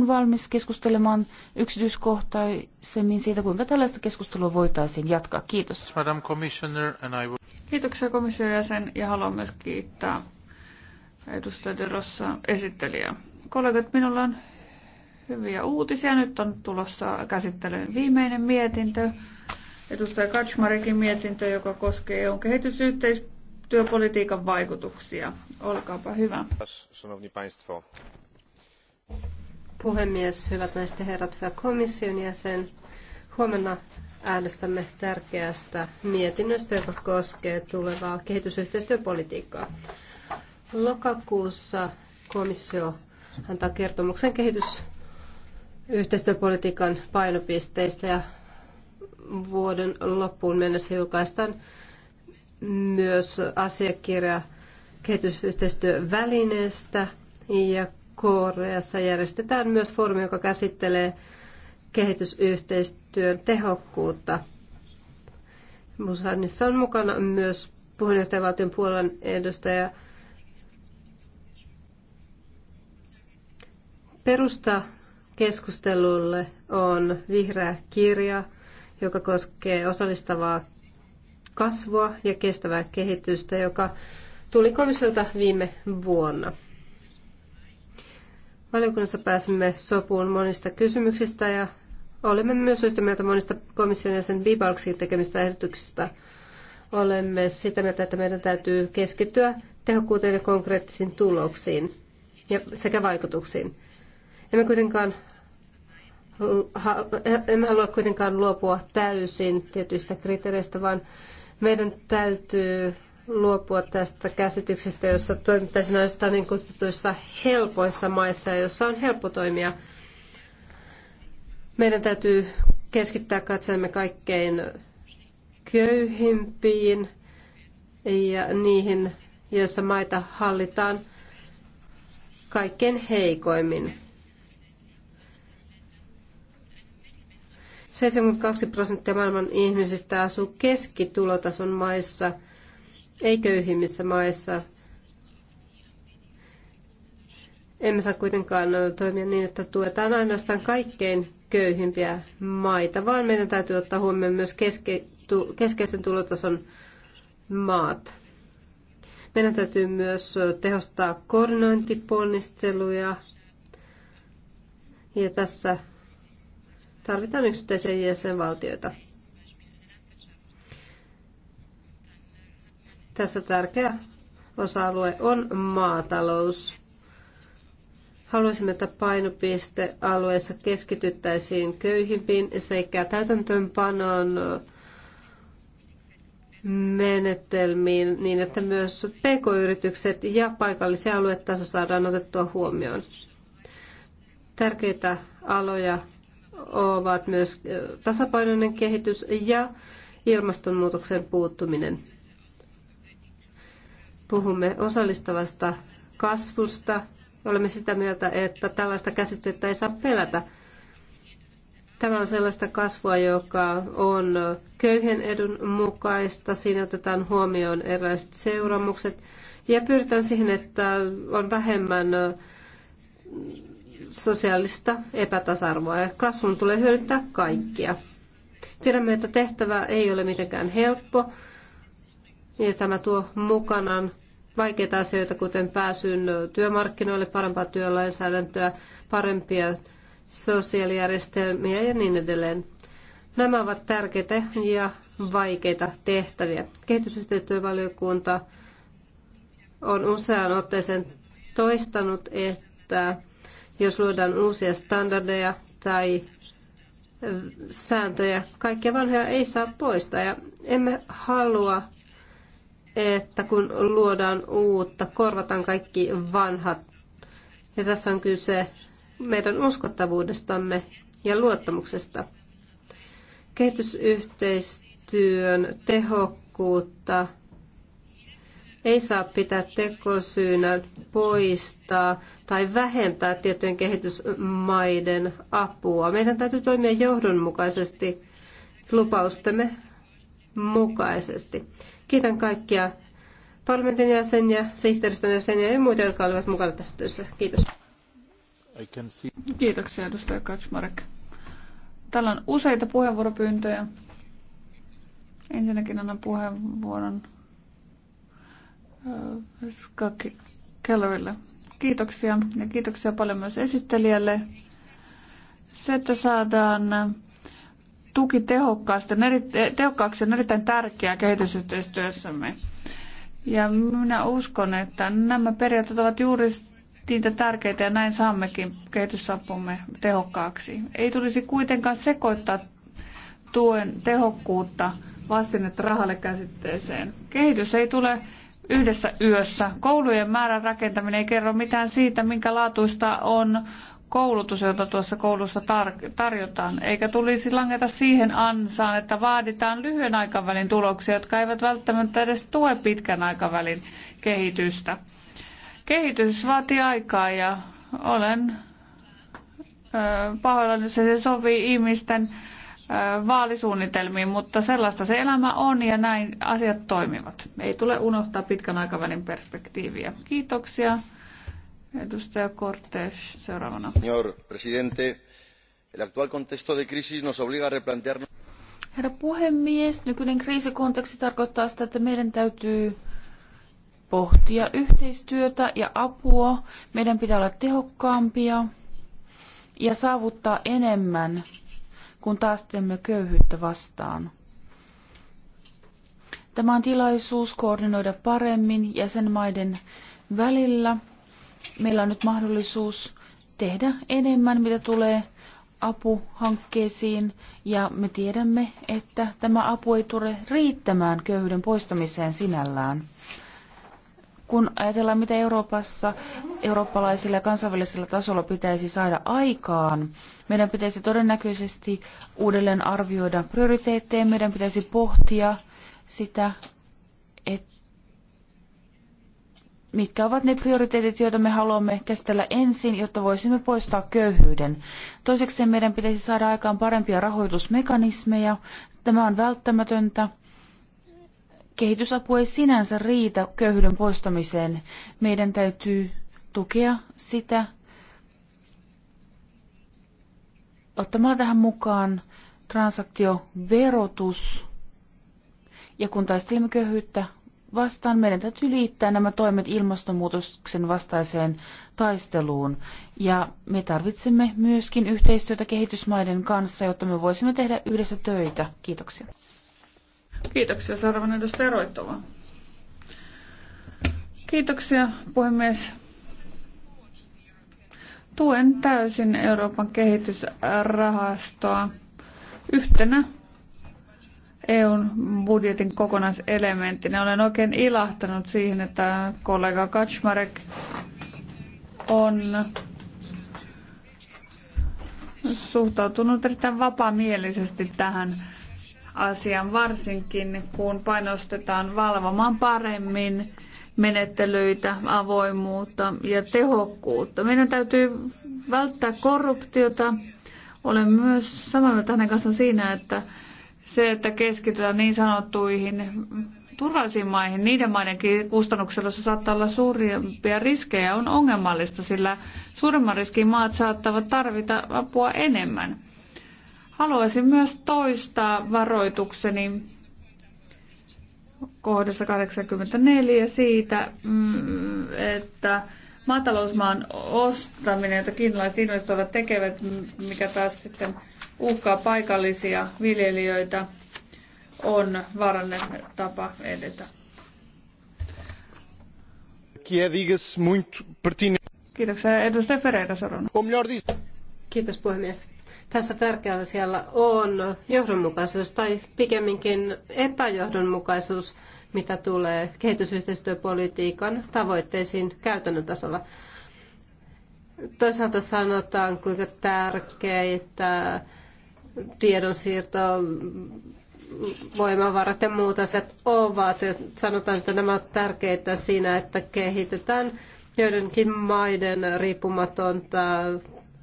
on valmis keskustelemaan yksityiskohtaisemmin siitä, kuinka tällaista keskustelua voitaisiin jatkaa. Kiitos. Madam Commissioner, and I will... Kiitoksia komission jäsen ja haluan myös kiittää edustaja De Rossa esittelijää. Kollegat, minulla on hyviä uutisia. Nyt on tulossa käsittelyyn viimeinen mietintö, edustaja Kaczmarikin mietintö, joka koskee EUn kehitysyhteistyöpolitiikan vaikutuksia. Olkaapa hyvä. Szanowni Państwo, puhemies, hyvät naiset ja herrat, hyvä komission jäsen. Huomenna äänestämme tärkeästä mietinnöstä, joka koskee tulevaa kehitysyhteistyöpolitiikkaa. Lokakuussa komissio antaa kertomuksen kehitysyhteistyöpolitiikan painopisteistä ja vuoden loppuun mennessä julkaistaan myös asiakirja kehitysyhteistyövälineestä ja Koreassa järjestetään myös foorumi, joka käsittelee kehitysyhteistyön tehokkuutta. Busanissa on mukana myös puheenjohtajavaltion puolen edustaja Perusta keskustelulle on vihreä kirja, joka koskee osallistavaa kasvua ja kestävää kehitystä, joka tuli komissiolta viime vuonna. Valiokunnassa pääsimme sopuun monista kysymyksistä ja olemme myös yhtä mieltä monista komission jäsen Bibalksin tekemistä ehdotuksista. Olemme sitä mieltä, että meidän täytyy keskittyä tehokkuuteen ja konkreettisiin tuloksiin ja sekä vaikutuksiin. Emme kuitenkaan emme halua kuitenkaan luopua täysin tietyistä kriteereistä, vaan meidän täytyy luopua tästä käsityksestä, jossa toimittaisiin ainoastaan niin kutsutuissa helpoissa maissa, jossa on helppo toimia. Meidän täytyy keskittää katseemme kaikkein köyhimpiin ja niihin, joissa maita hallitaan kaikkein heikoimmin. 72 prosenttia maailman ihmisistä asuu keskitulotason maissa – ei köyhimmissä maissa. Emme saa kuitenkaan toimia niin, että tuetaan ainoastaan kaikkein köyhimpiä maita, vaan meidän täytyy ottaa huomioon myös keske, tu, keskeisen tulotason maat. Meidän täytyy myös tehostaa koordinointiponnisteluja ja tässä tarvitaan yksittäisiä jäsenvaltioita. Tässä tärkeä osa-alue on maatalous. Haluaisimme, että painopistealueessa keskityttäisiin köyhimpiin sekä täytäntöönpanon menetelmiin niin, että myös pk-yritykset ja paikallisia aluetaso saadaan otettua huomioon. Tärkeitä aloja ovat myös tasapainoinen kehitys ja ilmastonmuutoksen puuttuminen puhumme osallistavasta kasvusta. Olemme sitä mieltä, että tällaista käsitettä ei saa pelätä. Tämä on sellaista kasvua, joka on köyhien edun mukaista. Siinä otetaan huomioon erilaiset seuraamukset ja pyritään siihen, että on vähemmän sosiaalista epätasarvoa. ja kasvun tulee hyödyttää kaikkia. Tiedämme, että tehtävä ei ole mitenkään helppo ja tämä tuo mukanaan vaikeita asioita, kuten pääsyn työmarkkinoille, parempaa työlainsäädäntöä, parempia sosiaalijärjestelmiä ja niin edelleen. Nämä ovat tärkeitä ja vaikeita tehtäviä. Kehitysyhteistyövaliokunta on useaan otteeseen toistanut, että jos luodaan uusia standardeja tai sääntöjä, kaikkia vanhoja ei saa poistaa ja emme halua että kun luodaan uutta, korvataan kaikki vanhat. Ja tässä on kyse meidän uskottavuudestamme ja luottamuksesta. Kehitysyhteistyön tehokkuutta ei saa pitää tekosyynä poistaa tai vähentää tiettyjen kehitysmaiden apua. Meidän täytyy toimia johdonmukaisesti lupaustemme mukaisesti. Kiitän kaikkia parlamentin jäseniä, sihteeristön jäseniä ja muita, jotka olivat mukana tässä työssä. Kiitos. Kiitoksia edustaja Kaczmarek. Täällä on useita puheenvuoropyyntöjä. Ensinnäkin annan puheenvuoron Ska Kellerille. Kiitoksia ja kiitoksia paljon myös esittelijälle. Se, että saadaan tuki eh, tehokkaaksi on erittäin tärkeää kehitysyhteistyössämme. Ja minä uskon, että nämä periaatteet ovat juuri niitä tärkeitä ja näin saammekin kehitysapumme tehokkaaksi. Ei tulisi kuitenkaan sekoittaa tuen tehokkuutta vastinetta rahalle käsitteeseen. Kehitys ei tule yhdessä yössä. Koulujen määrän rakentaminen ei kerro mitään siitä, minkä laatuista on koulutus, jota tuossa koulussa tar- tarjotaan, eikä tulisi langeta siihen ansaan, että vaaditaan lyhyen aikavälin tuloksia, jotka eivät välttämättä edes tue pitkän aikavälin kehitystä. Kehitys vaatii aikaa ja olen pahoillani, jos se sovii ihmisten vaalisuunnitelmiin, mutta sellaista se elämä on ja näin asiat toimivat. Ei tule unohtaa pitkän aikavälin perspektiiviä. Kiitoksia. Edustaja Cortes, seuraavana. Señor presidente, el actual contexto de crisis nos obliga a replantearnos... Herra puhemies, nykyinen kriisikonteksti tarkoittaa sitä, että meidän täytyy pohtia yhteistyötä ja apua. Meidän pitää olla tehokkaampia ja saavuttaa enemmän, kun taistelemme köyhyyttä vastaan. Tämä on tilaisuus koordinoida paremmin jäsenmaiden välillä – meillä on nyt mahdollisuus tehdä enemmän, mitä tulee apuhankkeisiin, ja me tiedämme, että tämä apu ei tule riittämään köyhyyden poistamiseen sinällään. Kun ajatellaan, mitä Euroopassa eurooppalaisilla ja kansainvälisellä tasolla pitäisi saada aikaan, meidän pitäisi todennäköisesti uudelleen arvioida prioriteetteja, meidän pitäisi pohtia sitä, että mitkä ovat ne prioriteetit, joita me haluamme käsitellä ensin, jotta voisimme poistaa köyhyyden. Toiseksi meidän pitäisi saada aikaan parempia rahoitusmekanismeja. Tämä on välttämätöntä. Kehitysapu ei sinänsä riitä köyhyyden poistamiseen. Meidän täytyy tukea sitä ottamalla tähän mukaan transaktioverotus. Ja kun taistelemme köyhyyttä vastaan. Meidän täytyy liittää nämä toimet ilmastonmuutoksen vastaiseen taisteluun. Ja me tarvitsemme myöskin yhteistyötä kehitysmaiden kanssa, jotta me voisimme tehdä yhdessä töitä. Kiitoksia. Kiitoksia, seuraavan edustaja Roittova. Kiitoksia, puhemies. Tuen täysin Euroopan kehitysrahastoa yhtenä EUn budjetin Ne Olen oikein ilahtanut siihen, että kollega Kaczmarek on suhtautunut erittäin vapamielisesti tähän asiaan, varsinkin kun painostetaan valvomaan paremmin menettelyitä, avoimuutta ja tehokkuutta. Meidän täytyy välttää korruptiota. Olen myös samaa mieltä hänen kanssaan siinä, että se, että keskitytään niin sanottuihin turvallisiin maihin, niiden maiden kustannuksella, se saattaa olla suurimpia riskejä, on ongelmallista, sillä suuremman riskin maat saattavat tarvita apua enemmän. Haluaisin myös toistaa varoitukseni kohdassa 84 siitä, mm, että maatalousmaan ostaminen, jota kiinalaiset investoivat tekevät, mikä taas sitten uhkaa paikallisia viljelijöitä, on vaarallinen tapa edetä. Kiitoksia. Edustaja Ferreira Sorona. Kiitos puhemies. Tässä tärkeällä siellä on johdonmukaisuus tai pikemminkin epäjohdonmukaisuus mitä tulee kehitysyhteistyöpolitiikan tavoitteisiin käytännön tasolla. Toisaalta sanotaan, kuinka tärkeitä tiedonsiirto, voimavarat ja muut asiat ovat. Ja sanotaan, että nämä ovat tärkeitä siinä, että kehitetään joidenkin maiden riippumatonta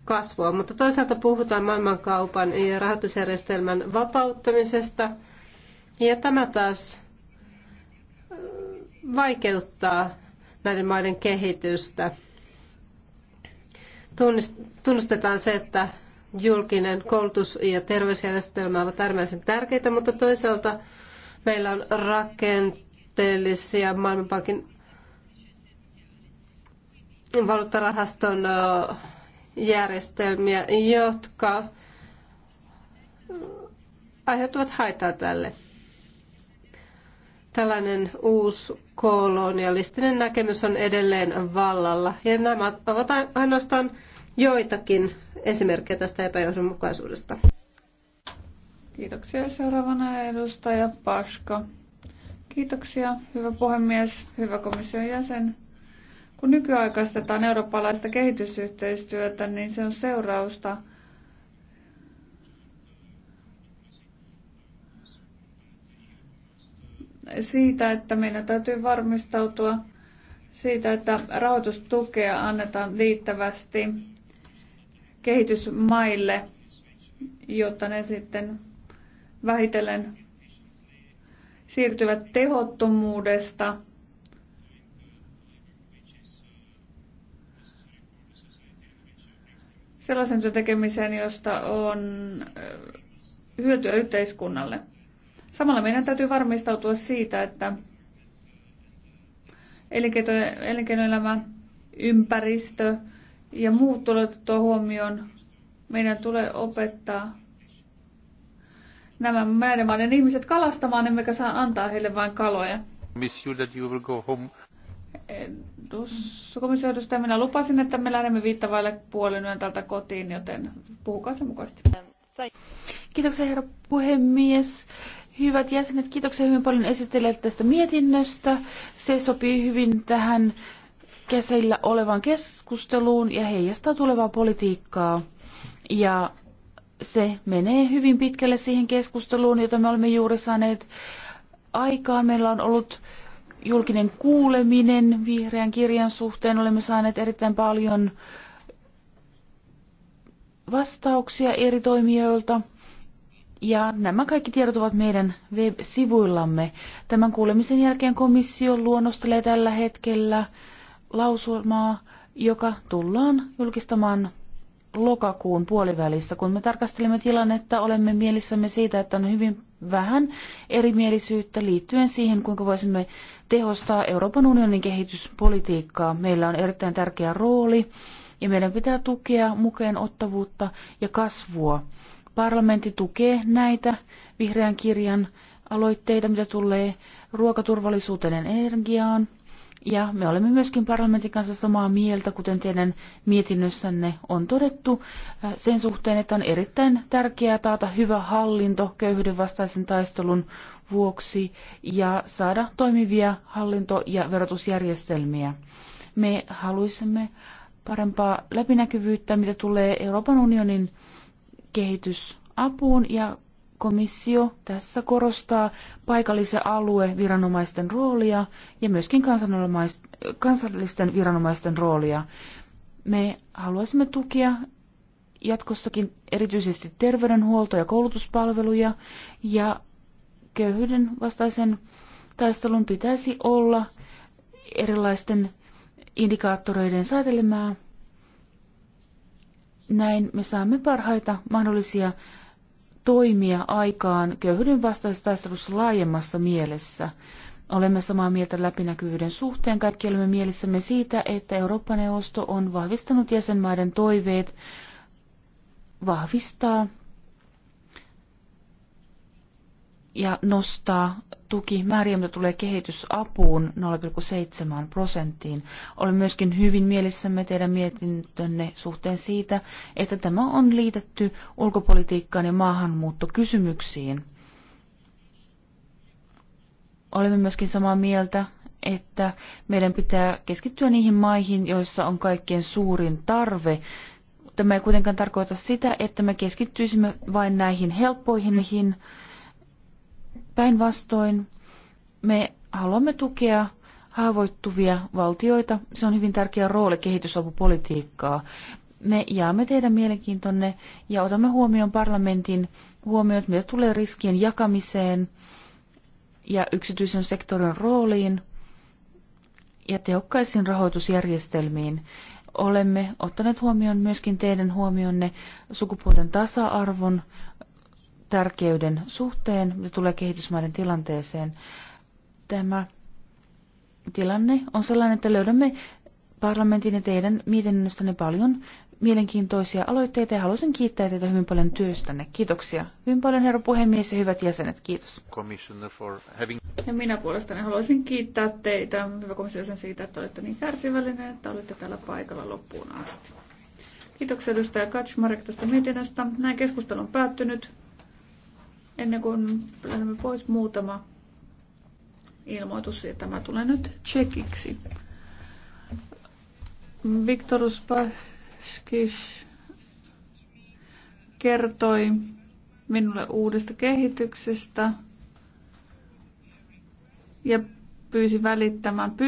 kasvua. Mutta toisaalta puhutaan maailmankaupan ja rahoitusjärjestelmän vapauttamisesta. Ja tämä taas vaikeuttaa näiden maiden kehitystä. Tunnustetaan se, että julkinen koulutus ja terveysjärjestelmä ovat äärimmäisen tärkeitä, mutta toisaalta meillä on rakenteellisia Maailmanpankin valuuttarahaston järjestelmiä, jotka aiheuttavat haittaa tälle. Tällainen uusi kolonialistinen näkemys on edelleen vallalla. Ja nämä ovat ainoastaan joitakin esimerkkejä tästä epäjohdonmukaisuudesta. Kiitoksia. Seuraavana edustaja Paska. Kiitoksia, hyvä puhemies, hyvä komission jäsen. Kun nykyaikaistetaan eurooppalaista kehitysyhteistyötä, niin se on seurausta siitä, että meidän täytyy varmistautua siitä, että rahoitustukea annetaan liittävästi kehitysmaille, jotta ne sitten vähitellen siirtyvät tehottomuudesta sellaisen työn tekemiseen, josta on hyötyä yhteiskunnalle. Samalla meidän täytyy varmistautua siitä, että elinkeinoelämä, ympäristö ja muut tulee huomioon. Meidän tulee opettaa nämä määrämaiden ihmiset kalastamaan, emmekä saa antaa heille vain kaloja. Miss komission edustaja, minä lupasin, että me lähdemme viittavaille puolen yön täältä kotiin, joten puhukaa sen mukaisesti. Kiitoksia herra puhemies. Hyvät jäsenet, kiitoksia hyvin paljon esittelijälle tästä mietinnöstä. Se sopii hyvin tähän käsillä olevaan keskusteluun ja heijastaa tulevaa politiikkaa. Ja se menee hyvin pitkälle siihen keskusteluun, jota me olemme juuri saaneet aikaan. Meillä on ollut julkinen kuuleminen vihreän kirjan suhteen. Olemme saaneet erittäin paljon vastauksia eri toimijoilta. Ja nämä kaikki tiedot ovat meidän web-sivuillamme. Tämän kuulemisen jälkeen komissio luonnostelee tällä hetkellä lausumaa, joka tullaan julkistamaan lokakuun puolivälissä. Kun me tarkastelemme tilannetta, olemme mielissämme siitä, että on hyvin vähän erimielisyyttä liittyen siihen, kuinka voisimme tehostaa Euroopan unionin kehityspolitiikkaa. Meillä on erittäin tärkeä rooli ja meidän pitää tukea mukeen ottavuutta ja kasvua. Parlamentti tukee näitä vihreän kirjan aloitteita, mitä tulee ruokaturvallisuuteen ja energiaan. Ja me olemme myöskin parlamentin kanssa samaa mieltä, kuten teidän mietinnössänne on todettu, äh, sen suhteen, että on erittäin tärkeää taata hyvä hallinto köyhyyden vastaisen taistelun vuoksi ja saada toimivia hallinto- ja verotusjärjestelmiä. Me haluaisimme parempaa läpinäkyvyyttä, mitä tulee Euroopan unionin kehitysapuun ja komissio tässä korostaa paikallisen alueviranomaisten roolia ja myöskin kansallisten viranomaisten roolia. Me haluaisimme tukea jatkossakin erityisesti terveydenhuolto- ja koulutuspalveluja ja köyhyyden vastaisen taistelun pitäisi olla erilaisten indikaattoreiden säätelemää näin me saamme parhaita mahdollisia toimia aikaan köyhyyden vastaisessa taistelussa laajemmassa mielessä. Olemme samaa mieltä läpinäkyvyyden suhteen. Kaikki olemme mielessämme siitä, että Eurooppa-neuvosto on vahvistanut jäsenmaiden toiveet vahvistaa ja nostaa tukimääriä, mitä tulee kehitysapuun 0,7 prosenttiin. Olemme myöskin hyvin mielissämme teidän mietintönne suhteen siitä, että tämä on liitetty ulkopolitiikkaan ja maahanmuuttokysymyksiin. Olemme myöskin samaa mieltä, että meidän pitää keskittyä niihin maihin, joissa on kaikkein suurin tarve Tämä ei kuitenkaan tarkoita sitä, että me keskittyisimme vain näihin helppoihin, Päinvastoin me haluamme tukea haavoittuvia valtioita. Se on hyvin tärkeä rooli kehitysapupolitiikkaa. Me jaamme teidän mielenkiintonne ja otamme huomioon parlamentin huomiot, mitä tulee riskien jakamiseen ja yksityisen sektorin rooliin ja tehokkaisiin rahoitusjärjestelmiin. Olemme ottaneet huomioon myöskin teidän huomionne sukupuolten tasa-arvon tärkeyden suhteen, mitä tulee kehitysmaiden tilanteeseen. Tämä tilanne on sellainen, että löydämme parlamentin ja teidän mietinnöstänne paljon mielenkiintoisia aloitteita ja haluaisin kiittää teitä hyvin paljon työstänne. Kiitoksia hyvin paljon herra puhemies ja hyvät jäsenet. Kiitos. Having... Ja minä puolestani haluaisin kiittää teitä, hyvä komission siitä, että olette niin kärsivällinen, että olette täällä paikalla loppuun asti. Kiitoksia edustaja Kaczmarek tästä mietinnöstä. Näin keskustelu on päättynyt. Ennen kuin lähdemme pois muutama ilmoitus, ja tämä tulee nyt tsekiksi. Viktor Spaskis kertoi minulle uudesta kehityksestä ja pyysi välittämään